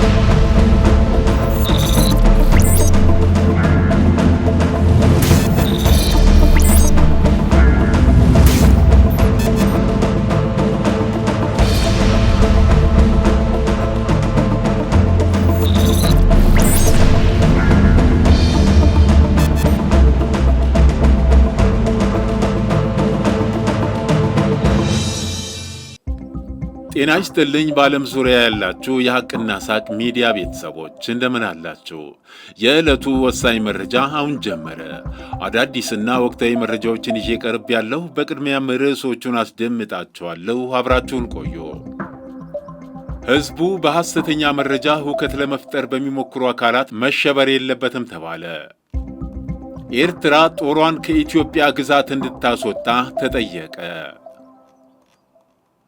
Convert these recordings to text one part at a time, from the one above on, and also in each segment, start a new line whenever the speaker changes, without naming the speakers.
Thank you. ጤና ይስጥልኝ በዓለም ዙሪያ ያላችሁ የሐቅና ሳቅ ሚዲያ ቤተሰቦች እንደምን አላችሁ? የዕለቱ ወሳኝ መረጃ አሁን ጀመረ። አዳዲስና ወቅታዊ መረጃዎችን ይዤ ቀርብ ያለሁ። በቅድሚያም ርዕሶቹን አስደምጣችኋለሁ። አብራችሁን ቆዩ። ሕዝቡ በሐሰተኛ መረጃ ሁከት ለመፍጠር በሚሞክሩ አካላት መሸበር የለበትም ተባለ። ኤርትራ ጦሯን ከኢትዮጵያ ግዛት እንድታስወጣ ተጠየቀ።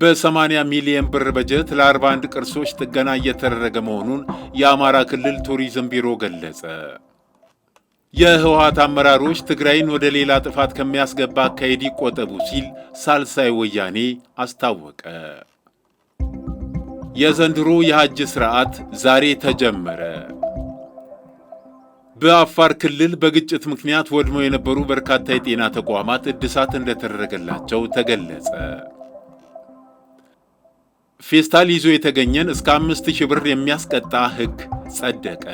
በ80 ሚሊዮን ብር በጀት ለ41 ቅርሶች ጥገና እየተደረገ መሆኑን የአማራ ክልል ቱሪዝም ቢሮ ገለጸ። የህወሀት አመራሮች ትግራይን ወደ ሌላ ጥፋት ከሚያስገባ አካሄድ ይቆጠቡ ሲል ሳልሳይ ወያኔ አስታወቀ። የዘንድሮ የሐጅ ሥርዓት ዛሬ ተጀመረ። በአፋር ክልል በግጭት ምክንያት ወድመው የነበሩ በርካታ የጤና ተቋማት እድሳት እንደተደረገላቸው ተገለጸ። ፌስታል ይዞ የተገኘን እስከ አምስት ሺህ ብር የሚያስቀጣ ሕግ ጸደቀ።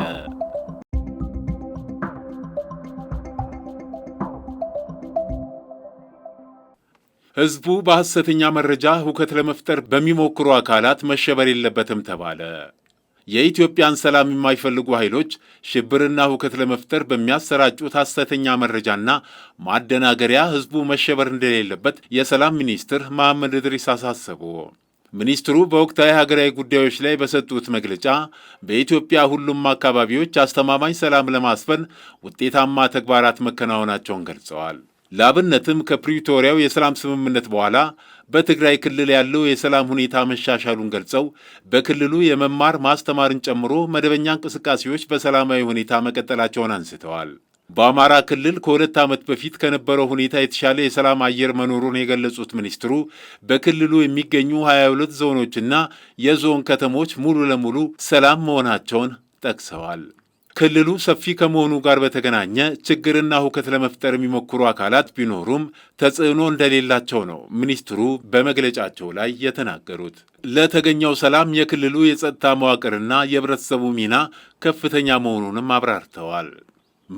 ህዝቡ በሐሰተኛ መረጃ ሁከት ለመፍጠር በሚሞክሩ አካላት መሸበር የለበትም ተባለ። የኢትዮጵያን ሰላም የማይፈልጉ ኃይሎች ሽብርና ሁከት ለመፍጠር በሚያሰራጩት ሐሰተኛ መረጃና ማደናገሪያ ህዝቡ መሸበር እንደሌለበት የሰላም ሚኒስትር መሐመድ እድሪስ አሳሰቡ። ሚኒስትሩ በወቅታዊ ሀገራዊ ጉዳዮች ላይ በሰጡት መግለጫ በኢትዮጵያ ሁሉም አካባቢዎች አስተማማኝ ሰላም ለማስፈን ውጤታማ ተግባራት መከናወናቸውን ገልጸዋል። ለአብነትም ከፕሪቶሪያው የሰላም ስምምነት በኋላ በትግራይ ክልል ያለው የሰላም ሁኔታ መሻሻሉን ገልጸው በክልሉ የመማር ማስተማርን ጨምሮ መደበኛ እንቅስቃሴዎች በሰላማዊ ሁኔታ መቀጠላቸውን አንስተዋል። በአማራ ክልል ከሁለት ዓመት በፊት ከነበረው ሁኔታ የተሻለ የሰላም አየር መኖሩን የገለጹት ሚኒስትሩ በክልሉ የሚገኙ 22 ዞኖችና የዞን ከተሞች ሙሉ ለሙሉ ሰላም መሆናቸውን ጠቅሰዋል። ክልሉ ሰፊ ከመሆኑ ጋር በተገናኘ ችግርና ሁከት ለመፍጠር የሚሞክሩ አካላት ቢኖሩም ተጽዕኖ እንደሌላቸው ነው ሚኒስትሩ በመግለጫቸው ላይ የተናገሩት። ለተገኘው ሰላም የክልሉ የጸጥታ መዋቅርና የህብረተሰቡ ሚና ከፍተኛ መሆኑንም አብራርተዋል።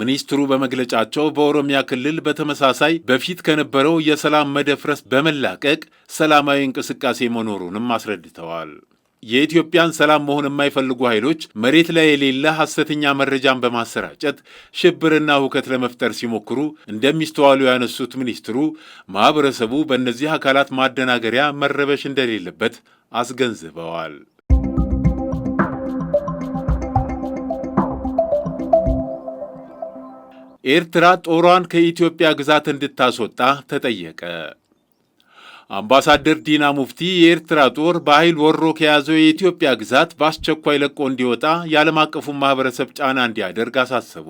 ሚኒስትሩ በመግለጫቸው በኦሮሚያ ክልል በተመሳሳይ በፊት ከነበረው የሰላም መደፍረስ በመላቀቅ ሰላማዊ እንቅስቃሴ መኖሩንም አስረድተዋል። የኢትዮጵያን ሰላም መሆን የማይፈልጉ ኃይሎች መሬት ላይ የሌለ ሐሰተኛ መረጃን በማሰራጨት ሽብርና ሁከት ለመፍጠር ሲሞክሩ እንደሚስተዋሉ ያነሱት ሚኒስትሩ ማኅበረሰቡ በእነዚህ አካላት ማደናገሪያ መረበሽ እንደሌለበት አስገንዝበዋል። ኤርትራ ጦሯን ከኢትዮጵያ ግዛት እንድታስወጣ ተጠየቀ። አምባሳደር ዲና ሙፍቲ የኤርትራ ጦር በኃይል ወሮ ከያዘው የኢትዮጵያ ግዛት በአስቸኳይ ለቆ እንዲወጣ የዓለም አቀፉን ማኅበረሰብ ጫና እንዲያደርግ አሳሰቡ።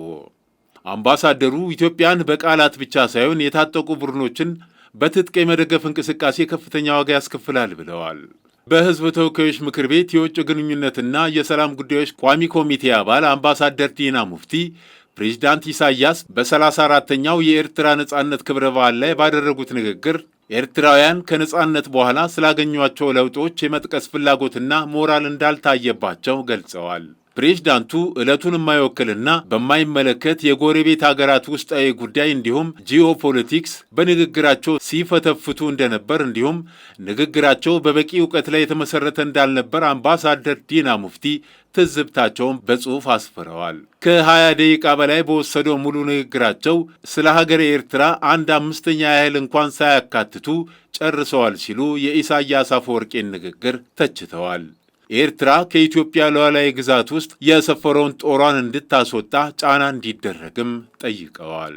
አምባሳደሩ ኢትዮጵያን በቃላት ብቻ ሳይሆን የታጠቁ ቡድኖችን በትጥቅ የመደገፍ እንቅስቃሴ ከፍተኛ ዋጋ ያስከፍላል ብለዋል። በሕዝብ ተወካዮች ምክር ቤት የውጭ ግንኙነትና የሰላም ጉዳዮች ቋሚ ኮሚቴ አባል አምባሳደር ዲና ሙፍቲ ፕሬዚዳንት ኢሳያስ በ34ተኛው የኤርትራ ነጻነት ክብረ በዓል ላይ ባደረጉት ንግግር ኤርትራውያን ከነጻነት በኋላ ስላገኟቸው ለውጦች የመጥቀስ ፍላጎትና ሞራል እንዳልታየባቸው ገልጸዋል። ፕሬዚዳንቱ ዕለቱን የማይወክልና በማይመለከት የጎረቤት አገራት ውስጣዊ ጉዳይ እንዲሁም ጂኦፖለቲክስ በንግግራቸው ሲፈተፍቱ እንደነበር እንዲሁም ንግግራቸው በበቂ እውቀት ላይ የተመሰረተ እንዳልነበር አምባሳደር ዲና ሙፍቲ ትዝብታቸውን በጽሑፍ አስፍረዋል። ከ20 ደቂቃ በላይ በወሰደው ሙሉ ንግግራቸው ስለ ሀገር ኤርትራ አንድ አምስተኛ ያህል እንኳን ሳያካትቱ ጨርሰዋል ሲሉ የኢሳያስ አፈወርቄን ንግግር ተችተዋል። ኤርትራ ከኢትዮጵያ ሉዓላዊ ግዛት ውስጥ የሰፈረውን ጦሯን እንድታስወጣ ጫና እንዲደረግም ጠይቀዋል።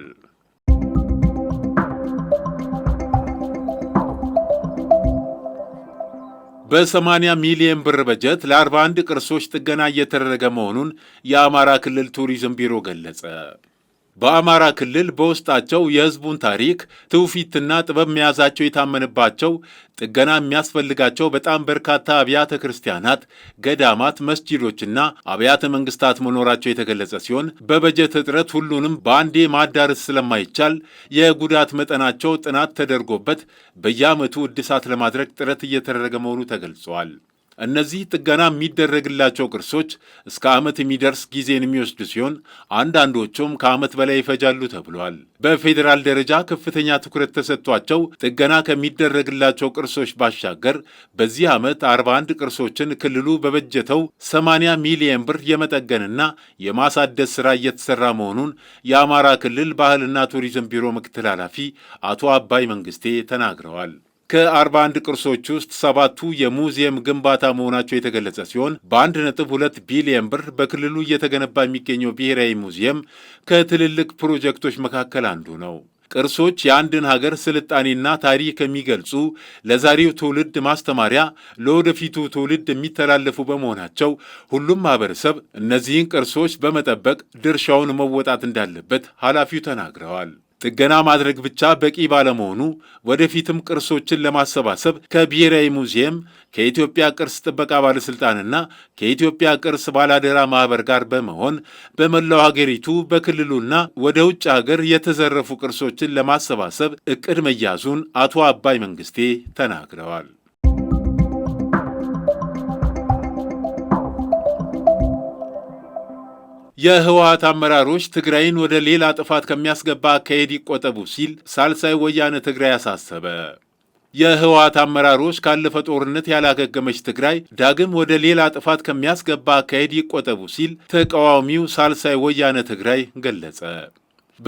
በ80 ሚሊየን ብር በጀት ለ41 ቅርሶች ጥገና እየተደረገ መሆኑን የአማራ ክልል ቱሪዝም ቢሮ ገለጸ። በአማራ ክልል በውስጣቸው የሕዝቡን ታሪክ ትውፊትና ጥበብ መያዛቸው የታመነባቸው ጥገና የሚያስፈልጋቸው በጣም በርካታ አብያተ ክርስቲያናት፣ ገዳማት፣ መስጂዶችና አብያተ መንግስታት መኖራቸው የተገለጸ ሲሆን በበጀት እጥረት ሁሉንም በአንዴ ማዳረስ ስለማይቻል የጉዳት መጠናቸው ጥናት ተደርጎበት በየዓመቱ እድሳት ለማድረግ ጥረት እየተደረገ መሆኑ ተገልጿል። እነዚህ ጥገና የሚደረግላቸው ቅርሶች እስከ ዓመት የሚደርስ ጊዜን የሚወስድ ሲሆን አንዳንዶቹም ከዓመት በላይ ይፈጃሉ ተብሏል። በፌዴራል ደረጃ ከፍተኛ ትኩረት ተሰጥቷቸው ጥገና ከሚደረግላቸው ቅርሶች ባሻገር በዚህ ዓመት 41 ቅርሶችን ክልሉ በበጀተው 80 ሚሊየን ብር የመጠገንና የማሳደስ ሥራ እየተሠራ መሆኑን የአማራ ክልል ባህልና ቱሪዝም ቢሮ ምክትል ኃላፊ አቶ አባይ መንግስቴ ተናግረዋል። ከ41 ቅርሶች ውስጥ ሰባቱ የሙዚየም ግንባታ መሆናቸው የተገለጸ ሲሆን በ1.2 ቢሊየን ብር በክልሉ እየተገነባ የሚገኘው ብሔራዊ ሙዚየም ከትልልቅ ፕሮጀክቶች መካከል አንዱ ነው። ቅርሶች የአንድን ሀገር ስልጣኔና ታሪክ የሚገልጹ ለዛሬው ትውልድ ማስተማሪያ፣ ለወደፊቱ ትውልድ የሚተላለፉ በመሆናቸው ሁሉም ማህበረሰብ እነዚህን ቅርሶች በመጠበቅ ድርሻውን መወጣት እንዳለበት ኃላፊው ተናግረዋል። ጥገና ማድረግ ብቻ በቂ ባለመሆኑ ወደፊትም ቅርሶችን ለማሰባሰብ ከብሔራዊ ሙዚየም ከኢትዮጵያ ቅርስ ጥበቃ ባለሥልጣንና ከኢትዮጵያ ቅርስ ባላደራ ማኅበር ጋር በመሆን በመላው ሀገሪቱ በክልሉና ወደ ውጭ ሀገር የተዘረፉ ቅርሶችን ለማሰባሰብ እቅድ መያዙን አቶ አባይ መንግስቴ ተናግረዋል። የህወሀት አመራሮች ትግራይን ወደ ሌላ ጥፋት ከሚያስገባ አካሄድ ይቆጠቡ ሲል ሳልሳይ ወያነ ትግራይ አሳሰበ። የህወሀት አመራሮች ካለፈ ጦርነት ያላገገመች ትግራይ ዳግም ወደ ሌላ ጥፋት ከሚያስገባ አካሄድ ይቆጠቡ ሲል ተቃዋሚው ሳልሳይ ወያነ ትግራይ ገለጸ።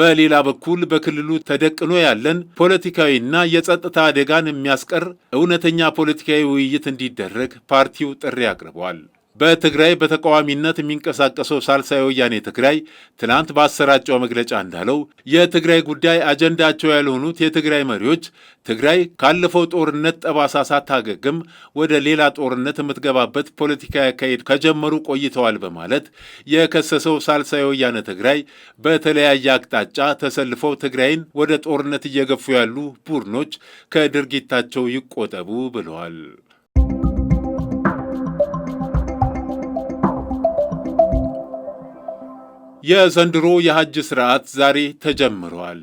በሌላ በኩል በክልሉ ተደቅኖ ያለን ፖለቲካዊና የጸጥታ አደጋን የሚያስቀር እውነተኛ ፖለቲካዊ ውይይት እንዲደረግ ፓርቲው ጥሪ አቅርቧል። በትግራይ በተቃዋሚነት የሚንቀሳቀሰው ሳልሳይ ወያኔ ትግራይ ትናንት ባሰራጨው መግለጫ እንዳለው የትግራይ ጉዳይ አጀንዳቸው ያልሆኑት የትግራይ መሪዎች ትግራይ ካለፈው ጦርነት ጠባሳ ሳታገግም ወደ ሌላ ጦርነት የምትገባበት ፖለቲካ ያካሄድ ከጀመሩ ቆይተዋል በማለት የከሰሰው ሳልሳይ ወያነ ትግራይ በተለያየ አቅጣጫ ተሰልፈው ትግራይን ወደ ጦርነት እየገፉ ያሉ ቡድኖች ከድርጊታቸው ይቆጠቡ ብለዋል። የዘንድሮ የሐጅ ሥርዓት ዛሬ ተጀምሯል።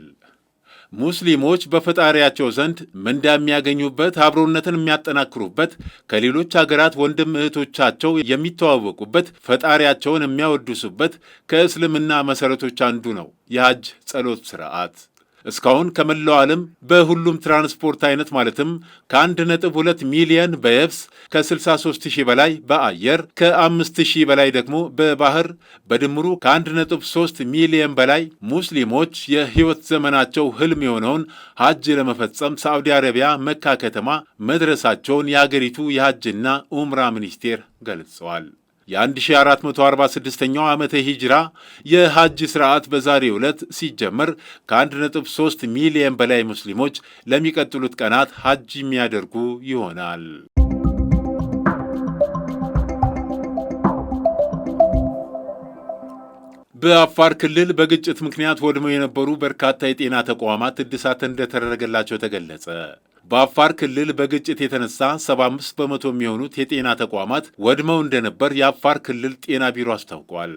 ሙስሊሞች በፈጣሪያቸው ዘንድ ምንዳ የሚያገኙበት፣ አብሮነትን የሚያጠናክሩበት፣ ከሌሎች ሀገራት ወንድም እህቶቻቸው የሚተዋወቁበት፣ ፈጣሪያቸውን የሚያወድሱበት ከእስልምና መሠረቶች አንዱ ነው የሐጅ ጸሎት ሥርዓት። እስካሁን ከመላው ዓለም በሁሉም ትራንስፖርት አይነት ማለትም ከ1.2 ሚሊየን በየብስ ከ63 ሺህ በላይ በአየር 5 ሺህ በላይ ደግሞ በባህር በድምሩ ከ1.3 ሚሊየን በላይ ሙስሊሞች የህይወት ዘመናቸው ህልም የሆነውን ሐጅ ለመፈጸም ሳዑዲ አረቢያ መካ ከተማ መድረሳቸውን የአገሪቱ የሐጅና ኡምራ ሚኒስቴር ገልጸዋል። የ1446ኛው ዓመተ ሂጅራ የሐጅ ሥርዓት በዛሬ ዕለት ሲጀመር ከ1.3 ሚሊየን በላይ ሙስሊሞች ለሚቀጥሉት ቀናት ሐጅ የሚያደርጉ ይሆናል። በአፋር ክልል በግጭት ምክንያት ወድመው የነበሩ በርካታ የጤና ተቋማት እድሳት እንደተደረገላቸው ተገለጸ። በአፋር ክልል በግጭት የተነሳ 75 በመቶ የሚሆኑት የጤና ተቋማት ወድመው እንደነበር የአፋር ክልል ጤና ቢሮ አስታውቋል።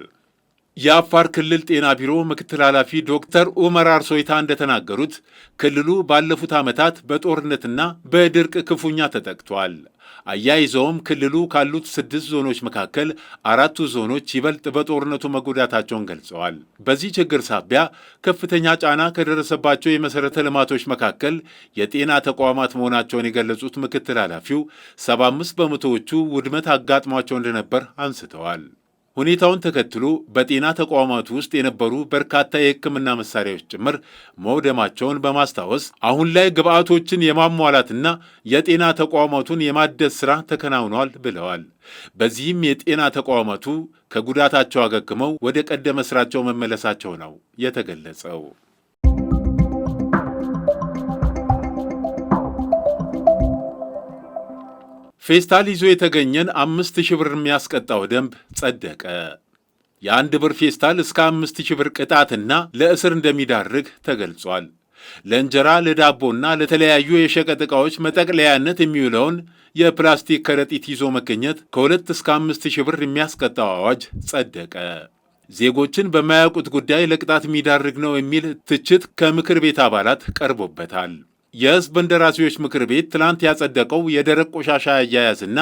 የአፋር ክልል ጤና ቢሮ ምክትል ኃላፊ ዶክተር ኡመር አርሶይታ እንደተናገሩት ክልሉ ባለፉት ዓመታት በጦርነትና በድርቅ ክፉኛ ተጠቅቷል። አያይዘውም ክልሉ ካሉት ስድስት ዞኖች መካከል አራቱ ዞኖች ይበልጥ በጦርነቱ መጎዳታቸውን ገልጸዋል። በዚህ ችግር ሳቢያ ከፍተኛ ጫና ከደረሰባቸው የመሠረተ ልማቶች መካከል የጤና ተቋማት መሆናቸውን የገለጹት ምክትል ኃላፊው 75 በመቶዎቹ ውድመት አጋጥሟቸው እንደነበር አንስተዋል። ሁኔታውን ተከትሎ በጤና ተቋማት ውስጥ የነበሩ በርካታ የሕክምና መሳሪያዎች ጭምር መውደማቸውን በማስታወስ አሁን ላይ ግብአቶችን የማሟላትና የጤና ተቋማቱን የማደስ ሥራ ተከናውኗል ብለዋል። በዚህም የጤና ተቋማቱ ከጉዳታቸው አገግመው ወደ ቀደመ ሥራቸው መመለሳቸው ነው የተገለጸው። ፌስታል ይዞ የተገኘን አምስት ሺህ ብር የሚያስቀጣው ደንብ ጸደቀ። የአንድ ብር ፌስታል እስከ አምስት ሺህ ብር ቅጣትና ለእስር እንደሚዳርግ ተገልጿል። ለእንጀራ ለዳቦና ለተለያዩ የሸቀጥ ዕቃዎች መጠቅለያነት የሚውለውን የፕላስቲክ ከረጢት ይዞ መገኘት ከሁለት እስከ አምስት ሺህ ብር የሚያስቀጣው አዋጅ ጸደቀ። ዜጎችን በማያውቁት ጉዳይ ለቅጣት የሚዳርግ ነው የሚል ትችት ከምክር ቤት አባላት ቀርቦበታል። የህዝብ እንደራሴዎች ምክር ቤት ትናንት ያጸደቀው የደረቅ ቆሻሻ አያያዝና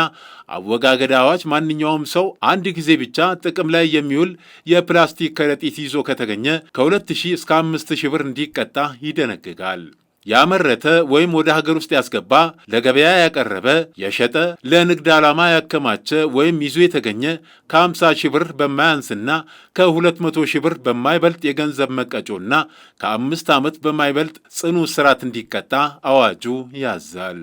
አወጋገድ አዋጅ ማንኛውም ሰው አንድ ጊዜ ብቻ ጥቅም ላይ የሚውል የፕላስቲክ ከረጢት ይዞ ከተገኘ ከ2000 እስከ 5000 ብር እንዲቀጣ ይደነግጋል። ያመረተ ወይም ወደ ሀገር ውስጥ ያስገባ፣ ለገበያ ያቀረበ፣ የሸጠ፣ ለንግድ ዓላማ ያከማቸ ወይም ይዞ የተገኘ ከ50 ሺህ ብር በማያንስና ከ200 ሺህ ብር በማይበልጥ የገንዘብ መቀጮና ከአምስት ዓመት በማይበልጥ ጽኑ እስራት እንዲቀጣ አዋጁ ያዛል።